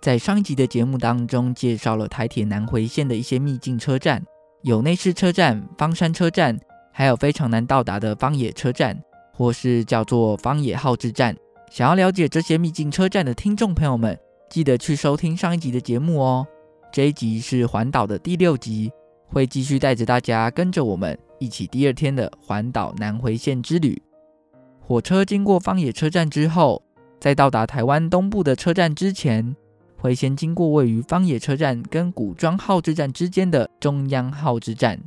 在上一集的節目當中，介紹了台鐵南回線的一些秘境車站，有內獅車站、方山車站，還有非常難到達的方野車站，或是叫做方野號誌站。想要了解這些秘境車站的聽眾朋友們，記得去收聽上一集的節目哦。這一集是環島的第六集，會繼續帶着大家跟着我們一起第二天的環島南回線之旅。火車經過方野車站之後，在到達台灣東部的車站之前。會先經過位於方野車站跟古莊號志站之間的中央號志站，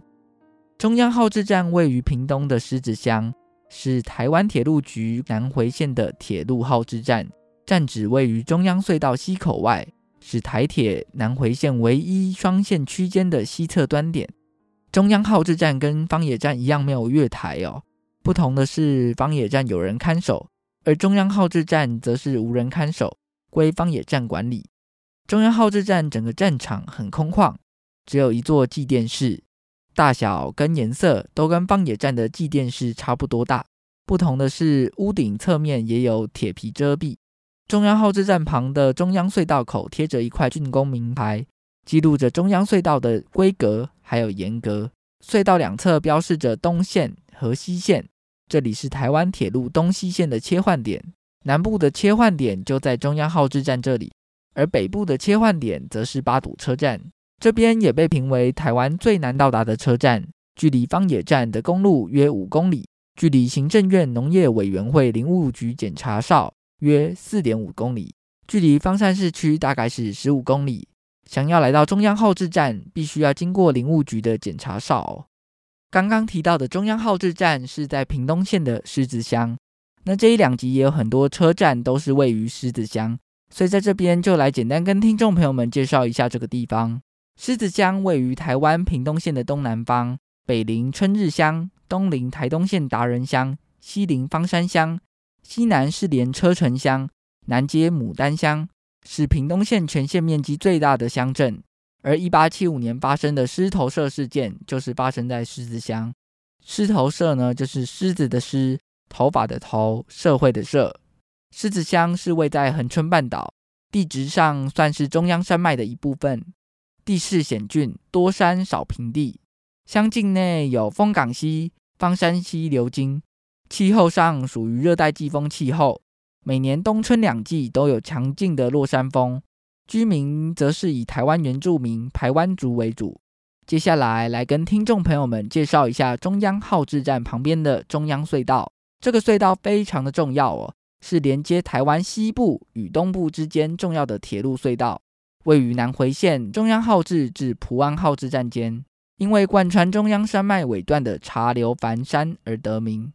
中央號志站位於屏東的獅子鄉，是台灣鐵路局南回線的鐵路號志站，站址位於中央隧道西口外，是台鐵南回線唯一雙線區間的西側端點。中央號志站跟方野站一樣沒有月台哦，不同的是方野站有人看守，而中央號志站則是無人看守，歸方野站管理。中央號誌站整個站場很空曠，只有一座繼電室，大小跟顏色都跟枋野站的繼電室差不多大。不同的是，屋頂側面也有鐵皮遮蔽。中央號誌站旁的中央隧道口貼着一塊竣工名牌，記錄着中央隧道的規格還有沿革。隧道兩側標示着東線和西線，這裡是台灣鐵路東西線的切換點。南部的切換點就在中央號誌站這裡。而北部的切換點則是八堵車站，這邊也被評為台灣最難到達的車站。距離方野站的公路約五公里，距離行政院農業委員會林務局檢查哨約四點五公里，距離方山市區大概是十五公里。想要來到中央號志站，必須要經過林務局的檢查哨。剛剛提到的中央號志站是在屏東縣的獅子鄉，那這一兩集也有很多車站都是位於獅子鄉。所以，在這邊就來簡單跟聽眾朋友們介紹一下這個地方。獅子鄉位於台灣屏東縣的東南方，北臨春日鄉，東臨台東縣達仁鄉，西臨枋山鄉，西南是連車城鄉，南接牡丹鄉，是屏東縣全縣面積最大的鄉鎮。而1875年發生的獅頭社事件，就是發生在獅子鄉。獅頭社呢，就是獅子的獅，頭髮的頭，社會的社。獅子鄉是位在恆春半島，地質上算是中央山脈的一部分，地勢險峻，多山少平地。鄉境內有楓港溪、枋山溪流經，氣候上屬於熱帶季風氣候，每年冬春兩季都有強勁的落山風。居民則是以台灣原住民排灣族為主。接下來來跟聽眾朋友們介紹一下中央號志站旁邊的中央隧道，這個隧道非常的重要哦。是連接台灣西部與東部之間重要的鐵路隧道，位於南回線中央號志至菩安號志站間，因為貫穿中央山脈尾段的茶流繁山而得名。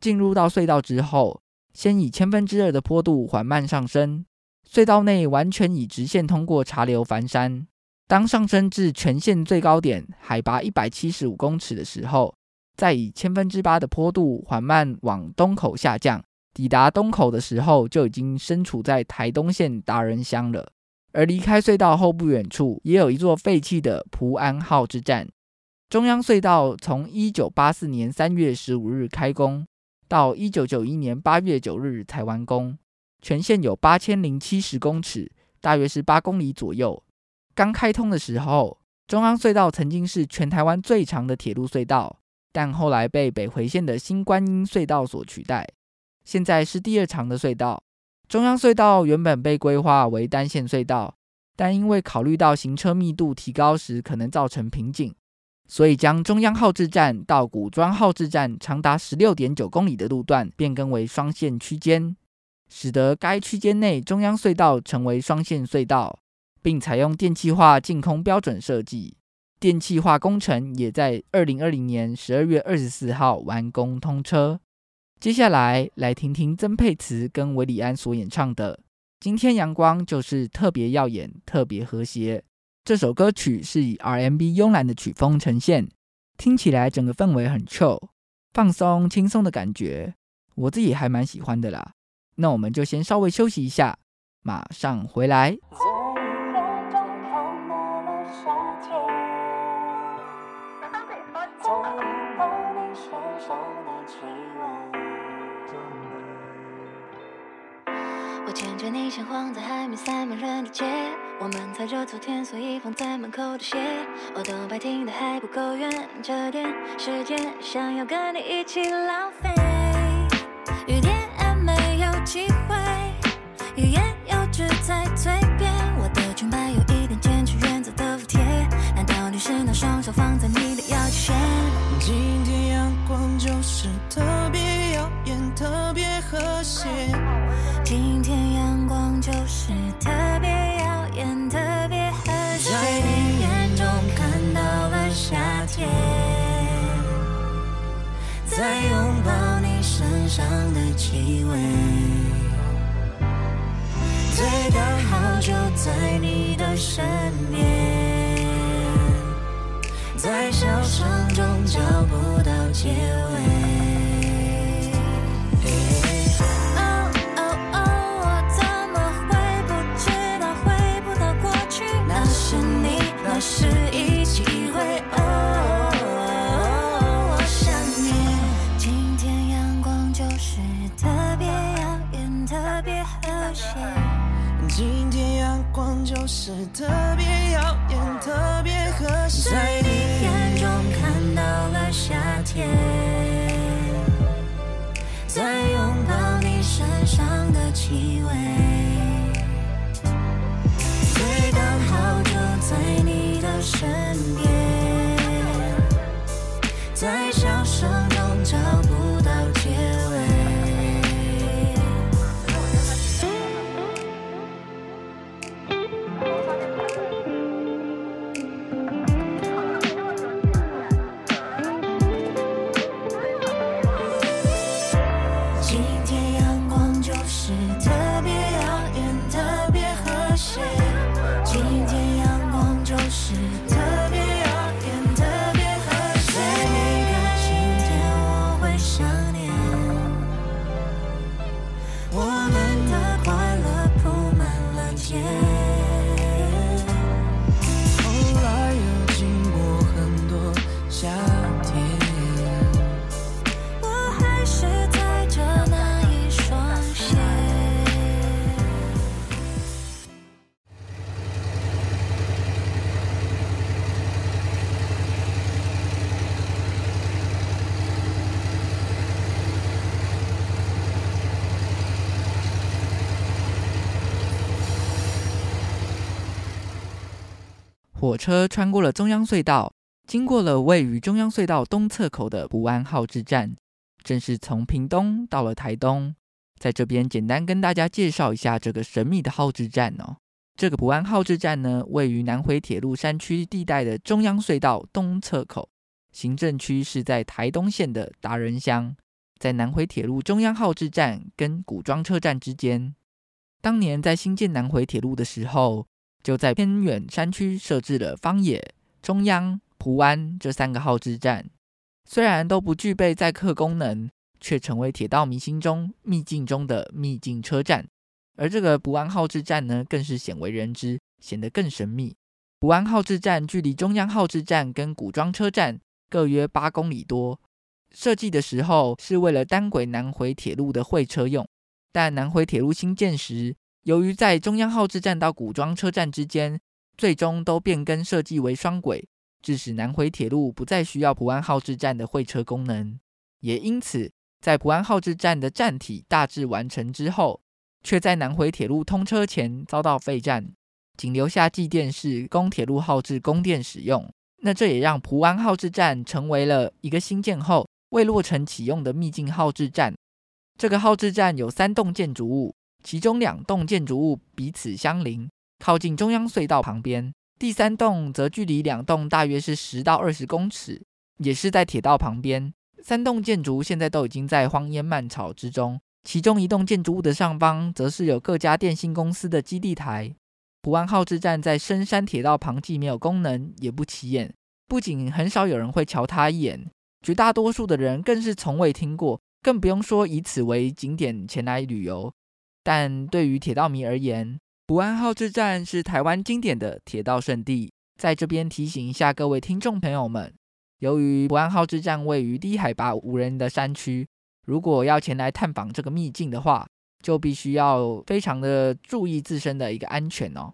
進入到隧道之後，先以千分之二的坡度緩慢上升，隧道內完全以直線通過茶流繁山。當上升至全線最高點，海拔一百七十五公尺的時候，再以千分之八的坡度緩慢往東口下降。抵達東口的時候，就已經身處在台東縣達仁鄉了。而離開隧道後不遠處，也有一座廢棄的菩安號誌站。中央隧道從1984年3月15日開工，到1991年8月9日才完工，全線有8070公尺，大約是8公里左右。剛開通的時候，中央隧道曾經是全台灣最長的鐵路隧道，但後來被北回線的新觀音隧道所取代。現在是第二長的隧道。中央隧道原本被規劃為單線隧道，但因為考慮到行車密度提高時可能造成瓶頸，所以將中央號志站到古莊號志站長達十六點九公里的路段變更為雙線區間，使得該區間內中央隧道成為雙線隧道，並採用電氣化淨空標準設計。電氣化工程也在二零二零年十二月二十四號完工通車。接下來來聽聽曾沛慈跟韋禮安所演唱的《今天陽光就是特別耀眼，特別和諧》這首歌曲，是以 R&B 慵懶的曲風呈現，聽起來整個氛圍很 chill，放鬆輕鬆的感覺，我自己還蠻喜歡的啦。那我們就先稍微休息一下，馬上回來。逛在還沒塞滿人的街，我們踩着昨天隨意放在門口的鞋。我都白聽的還不夠遠，這點時間想要跟你一起浪費，雨點還沒有機會，欲言又止在嘴邊。我的裙擺有一點堅持原則的服帖，難道你是那雙手放在你的腰間？今天陽光就是特別耀眼，特別和諧。上的氣味，最剛好就在你的身邊，高在笑聲中找不到結尾，哎。Oh oh oh，我怎麼會不知道回不到過去？那是你，那是你。是特別耀眼特別合適，在你眼中看到了夏天，在擁抱你身上的氣味，最剛好就在你的身邊，在笑聲中找。火車穿過了中央隧道，經過了位於中央隧道東側口的菩安號誌站，正式從屏東到了台東。在這邊，簡單跟大家介紹一下這個神秘的號誌站哦。這個菩安號誌站呢，位於南回鐵路山區地帶的中央隧道東側口，行政區是在台東縣的達仁鄉，在南回鐵路中央號誌站跟古莊車站之間。當年在新建南回鐵路的時候。就在偏遠山區設置了芳野、中央、菩安這三個號志站，雖然都不具備載客功能，卻成為鐵道迷心中秘境中的秘境車站。而這個菩安號志站呢，更是鮮為人知，顯得更神秘。菩安號志站距離中央號志站跟古莊車站各約八公里多，設計的時候是為了單軌南回鐵路的會車用，但南回鐵路興建時，由於在中央號誌站到古莊車站之間，最終都變更設計為雙軌，致使南回鐵路不再需要菩安號誌站的會車功能。也因此，在菩安號誌站的站體大致完成之後，卻在南回鐵路通車前遭到廢站，僅留下繼電室供鐵路號誌供電使用。那這也讓菩安號誌站成為了一個新建後未落成啟用的秘境號誌站。這個號誌站有三棟建築物。其中兩棟建築物彼此相鄰，靠近中央隧道旁邊；第三棟則距離兩棟大約是十到二十公尺，也是在鐵道旁邊。三棟建築現在都已經在荒煙蔓草之中。其中一棟建築物的上方，則是有各家電信公司的基地台。菩安號誌站在深山鐵道旁，既沒有功能，也不起眼。不僅很少有人會瞧他一眼，絕大多數的人更是從未聽過，更不用說以此為景點前來旅遊。但對於鐵道迷而言，菩安號誌站是台灣經典的鐵道聖地。在這邊提醒一下各位聽眾朋友們，由於菩安號誌站位於低海拔無人的山區，如果要前來探訪這個秘境的話，就必須要非常的注意自身的一個安全哦。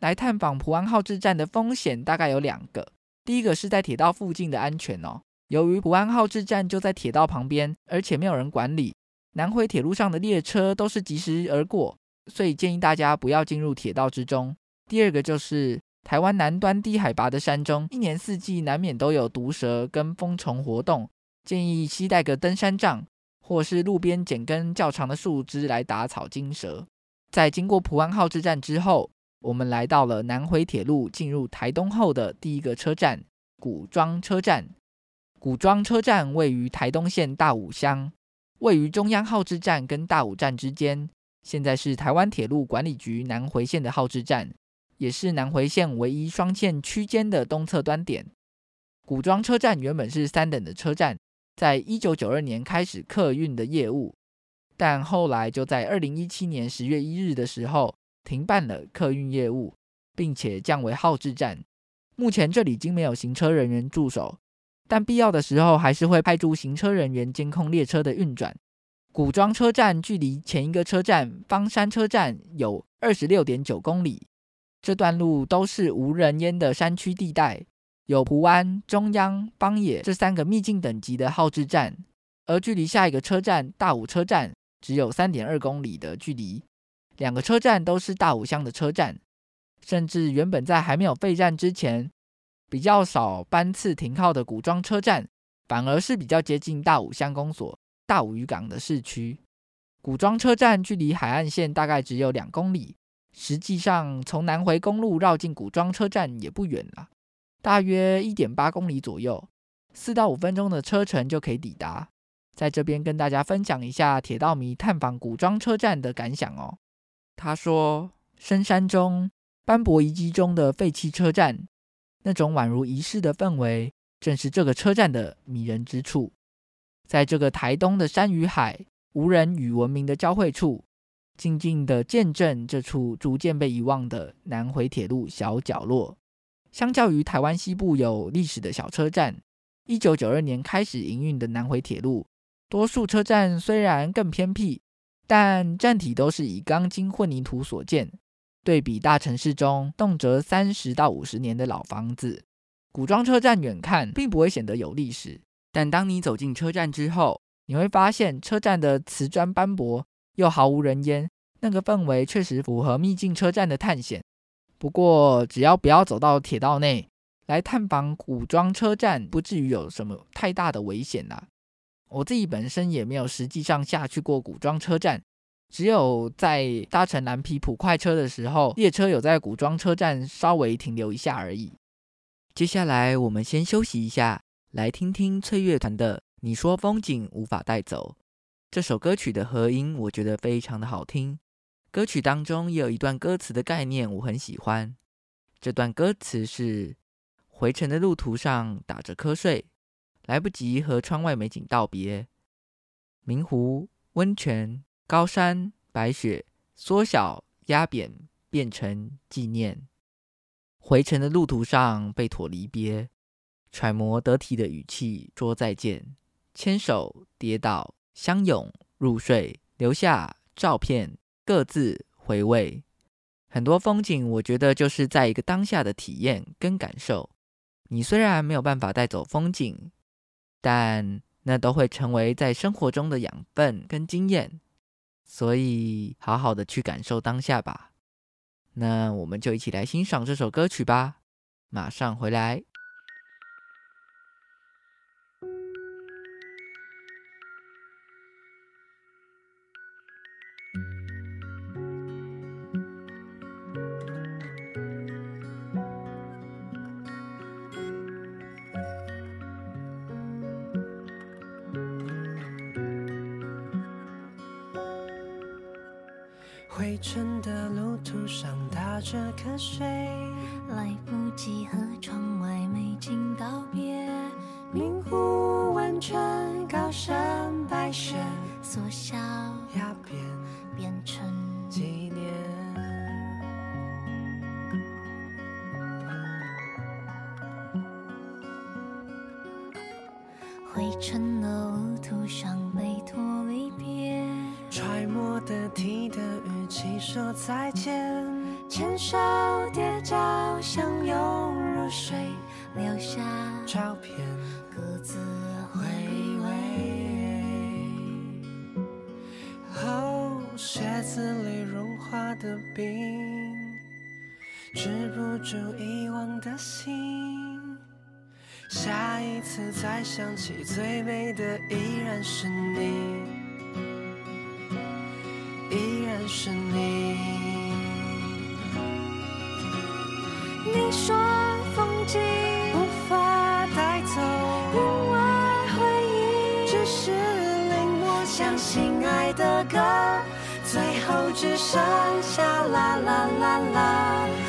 來探訪菩安號誌站的風險大概有兩個，第一個是在鐵道附近的安全哦，由於菩安號誌站就在鐵道旁邊，而且沒有人管理。南迴鐵路上的列車都是疾馳而過，所以建議大家不要進入鐵道之中。第二個就是台灣南端低海拔的山中，一年四季難免都有毒蛇跟蜂蟲活動，建議攜帶個登山杖，或是路邊撿根較長的樹枝來打草驚蛇。在經過菩安號誌站之後，我們來到了南迴鐵路進入台東後的第一個車站——古莊車站。古莊車站位於台東縣大武鄉。位於中央號誌站跟大武站之間，現在是台灣鐵路管理局南回線的號誌站，也是南回線唯一雙線區間的東側端點。古莊車站原本是三等的車站，在一九九二年開始客運的業務，但後來就在二零一七年十月一日的時候停辦了客運業務，並且降為號誌站。目前這裡已經沒有行車人員駐守。但必要的時候還是會派出行車人員監控列車的運轉。古莊車站距離前一個車站方山車站有二十六點九公里，這段路都是無人煙的山區地帶，有菩安、中央、方野這三個秘境等級的號志站。而距離下一個車站大武車站只有三點二公里的距離，兩個車站都是大武鄉的車站，甚至原本在還沒有廢站之前。比較少班次停靠的古莊車站，反而是比較接近大武鄉公所、大武漁港的市區。古莊車站距離海岸線大概只有兩公里，實際上從南回公路繞進古莊車站也不遠了，大約一點八公里左右，四到五分鐘的車程就可以抵達。在這邊跟大家分享一下鐵道迷探訪古莊車站的感想哦。他說：深山中斑駁遺跡中的廢棄車站。那種宛如儀式的氛圍，正是這個車站的迷人之處。在這個台東的山與海，無人與文明的交匯處，靜靜地見證這處逐漸被遺忘的南回鐵路小角落。相較於台灣西部有歷史的小車站，1992年開始營運的南回鐵路，多數車站雖然更偏僻，但站體都是以鋼筋混凝土所建。對比大城市中動輒三十到五十年的老房子，古莊車站遠看並不會顯得有歷史，但當你走進車站之後，你會發現車站的瓷磚斑駁又毫無人煙，那個氛圍確實符合祕境車站的探險。不過只要不要走到鐵道內，來探訪古莊車站不至於有什麼太大的危險吶、啊，我自己本身也沒有實際上下去過古莊車站。只有在搭乘藍皮普快車的時候，列車有在古莊車站稍微停留一下而已。接下來我們先休息一下，來聽聽脆樂團的《你說風景無法帶走》這首歌曲的合音，我覺得非常的好聽。歌曲當中也有一段歌詞的概念我很喜歡，這段歌詞是：回程的路途上打着瞌睡，來不及和窗外美景道別，明湖溫泉。高山白雪，縮小壓扁，變成紀念。回程的路途上，被妥離別，揣摩得體的語氣說再見。牽手跌倒，相擁入睡，留下照片，各自回味。很多風景，我覺得就是在一個當下的體驗跟感受。你雖然沒有辦法帶走風景，但那都會成為在生活中的養分跟經驗。所以，好好的去感受當下吧。那我們就一起來欣賞這首歌曲吧。馬上回來。回程的路途上打着瞌睡，來不及和窗外美景告別。明湖溫泉，高山白雪。所向的病，止不住遺忘的心。下一次再想起，最美的依然是你，依然是你。你說風景無法帶走，因為回憶只是令我相信愛的歌。只剩下啦啦啦啦。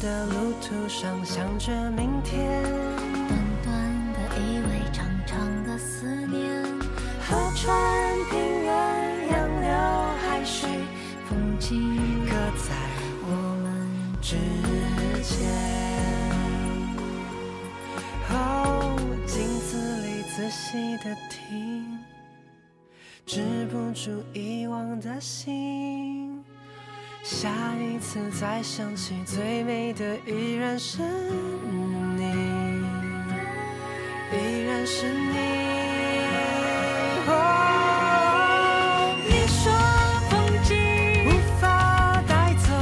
的路途上想着明天，短短的一吻，長長的思念。河川平原，洋流海水，風景刻在我們之間。哦，鏡子裡仔細的聽，止不住遺忘的心。每次再想起，最美的依然是你，依然是你、哦。你說風景無法帶走，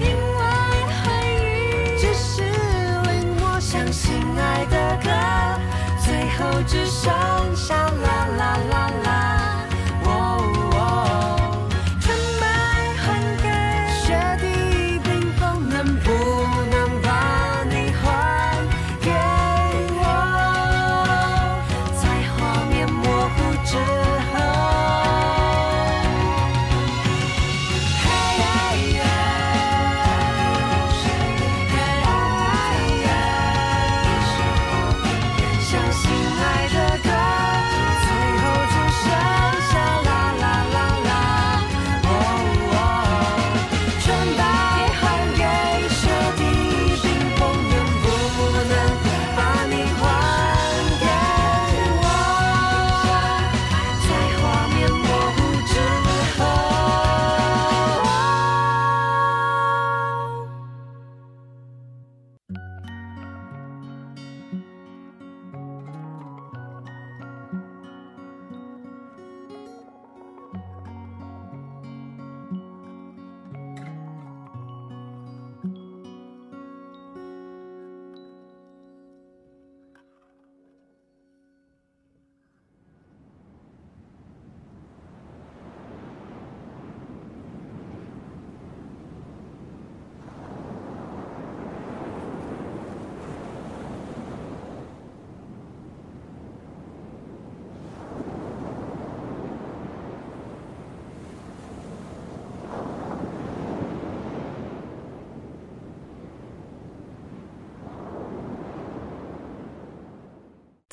因為回憶只是令我相信愛的歌，最後只剩下啦啦啦啦。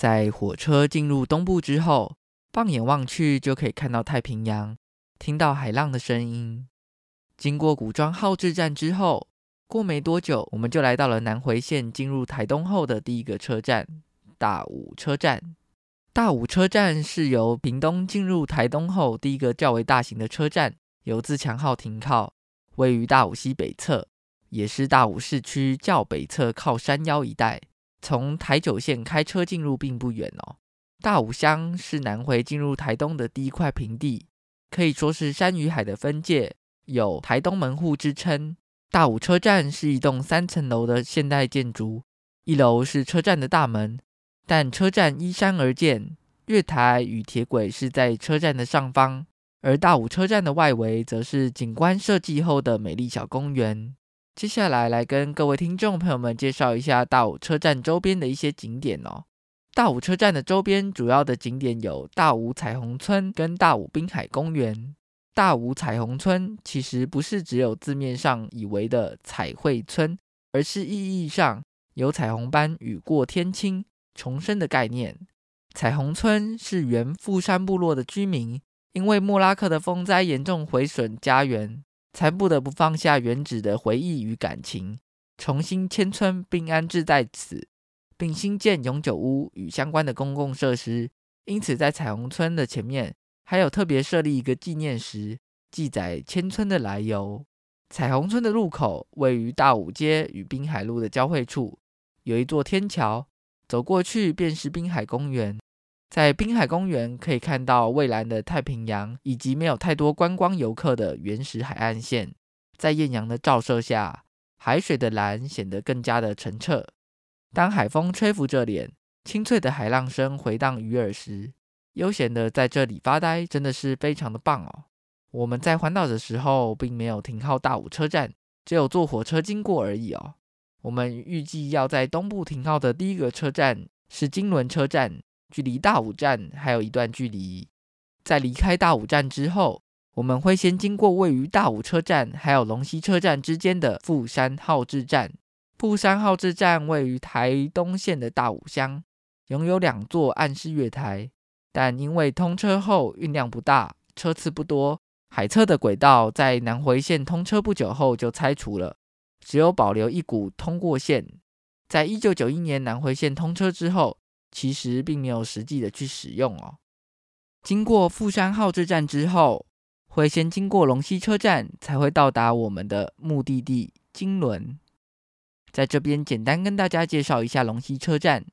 在火車進入東部之後，放眼望去就可以看到太平洋，聽到海浪的聲音。經過古莊號誌站之後，過沒多久我們就來到了南回線，進入台東後的第一個車站——大武車站。大武車站是由屏東進入台東後第一個較為大型的車站，由自強號停靠，位於大武西北側，也是大武市區較北側靠山腰一帶。從台九線開車進入並不遠哦。大武鄉是南回進入台東的第一塊平地，可以說是山與海的分界，有台東門戶之稱。大武車站是一棟三層樓的現代建築，一樓是車站的大門，但車站依山而建，月台與鐵軌是在車站的上方，而大武車站的外圍則是景觀設計後的美麗小公園。接下來來跟各位聽眾朋友們介紹一下大武車站周邊的一些景點哦。大武車站的周邊主要的景點有大武彩虹村跟大武濱海公園。大武彩虹村其實不是只有字面上以為的彩繪村，而是意義上有彩虹般雨過天晴重生的概念。彩虹村是原富山部落的居民，因為莫拉克的風災嚴重毀損家園，才不得不放下原址的回憶與感情，重新遷村並安置在此，並新建永久屋與相關的公共設施。因此，在彩虹村的前面，還有特別設立一個紀念石，記載遷村的來由。彩虹村的入口位於大武街與濱海路的交匯處，有一座天橋，走過去便是濱海公園。在濱海公園可以看到蔚藍的太平洋以及沒有太多觀光遊客的原始海岸線。在豔陽的照射下，海水的藍顯得更加的澄澈。當海風吹拂着臉，清脆的海浪聲回盪於耳時，悠閒的在這裡發呆真的是非常的棒哦。我們在環島的時候並沒有停靠大武車站，只有坐火車經過而已哦。我們預計要在東部停靠的第一個車站是金崙車站。距離大武站還有一段距離，在離開大武站之後，我們會先經過位於大武車站還有瀧溪車站之間的富山號志站。富山號志站位於台東縣的大武鄉，擁有兩座岸式月台，但因為通車後運量不大，車次不多，海側的軌道在南回線通車不久後就拆除了，只有保留一股通過線。在一九九一年南回線通車之後，其實並沒有實際的去使用哦。經過富山號誌站之後，會先經過瀧溪車站，才會到達我們的目的地金崙。在這邊簡單跟大家介紹一下瀧溪車站。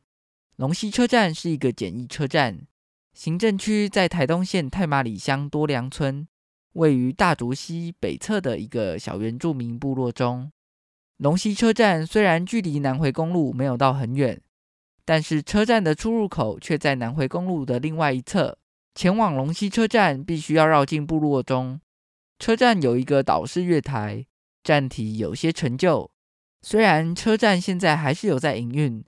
瀧溪車站是一個簡易車站，行政區在台東縣太麻里鄉多良村，位於大竹溪北側的一個小原住民部落中。瀧溪車站雖然距離南回公路沒有到很遠。但是車站的出入口卻在南回公路的另外一側，前往瀧溪車站必須要繞進部落中。車站有一個島式月台，站體有些陳舊。雖然車站現在還是有在營運，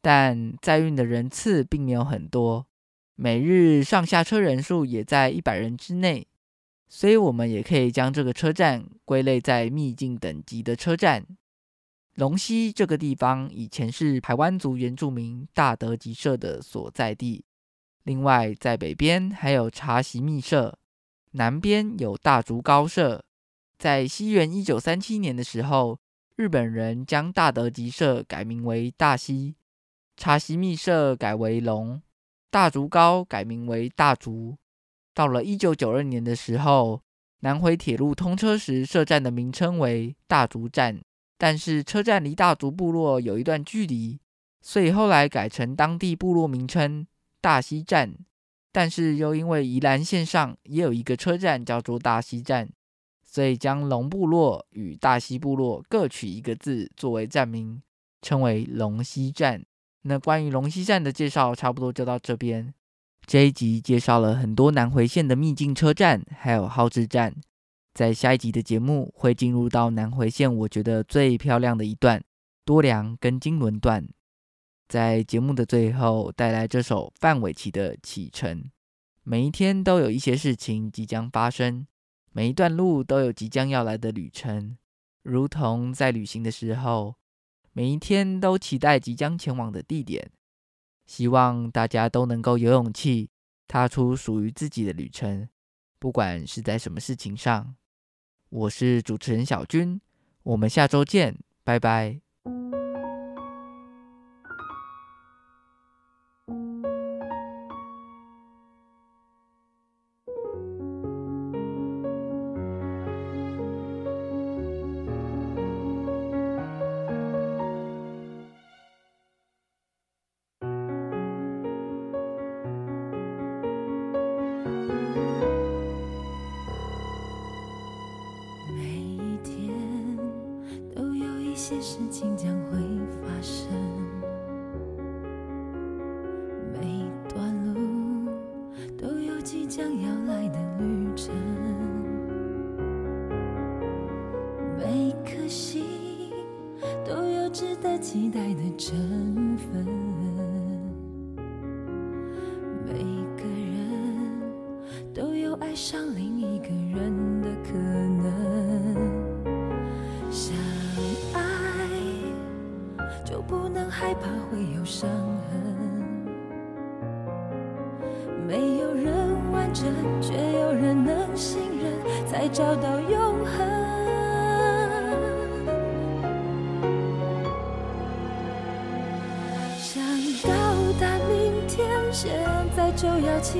但載運的人次並沒有很多，每日上下車人數也在一百人之內，所以我們也可以將這個車站歸類在秘境等級的車站。瀧溪這個地方以前是台灣族原住民大德吉社的所在地。另外，在北邊還有茶席密社，南邊有大竹高社。在西元一九三七年的時候，日本人將大德吉社改名為大溪，茶席密社改為瀧，大竹高改名為大竹。到了一九九二年的時候，南回鐵路通車時，設站的名稱為大竹站。但是車站離大竹部落有一段距離，所以後來改成當地部落名稱大溪站。但是又因為宜蘭線上也有一個車站叫做大溪站，所以將瀧部落與大溪部落各取一個字作為站名，稱為瀧溪站。那關於瀧溪站的介紹差不多就到這邊。這一集介紹了很多南回線的秘境車站，還有號誌站。在下一集的節目會進入到南回線，我覺得最漂亮的一段多良跟金崙段。在節目的最後，帶來這首范瑋琪的《啟程》。每一天都有一些事情即將發生，每一段路都有即將要來的旅程，如同在旅行的時候，每一天都期待即將前往的地點。希望大家都能夠有勇氣踏出屬於自己的旅程，不管是在什麼事情上。我是主持人小鈞，我們下周見，拜拜。顆心都有值得期待的成分。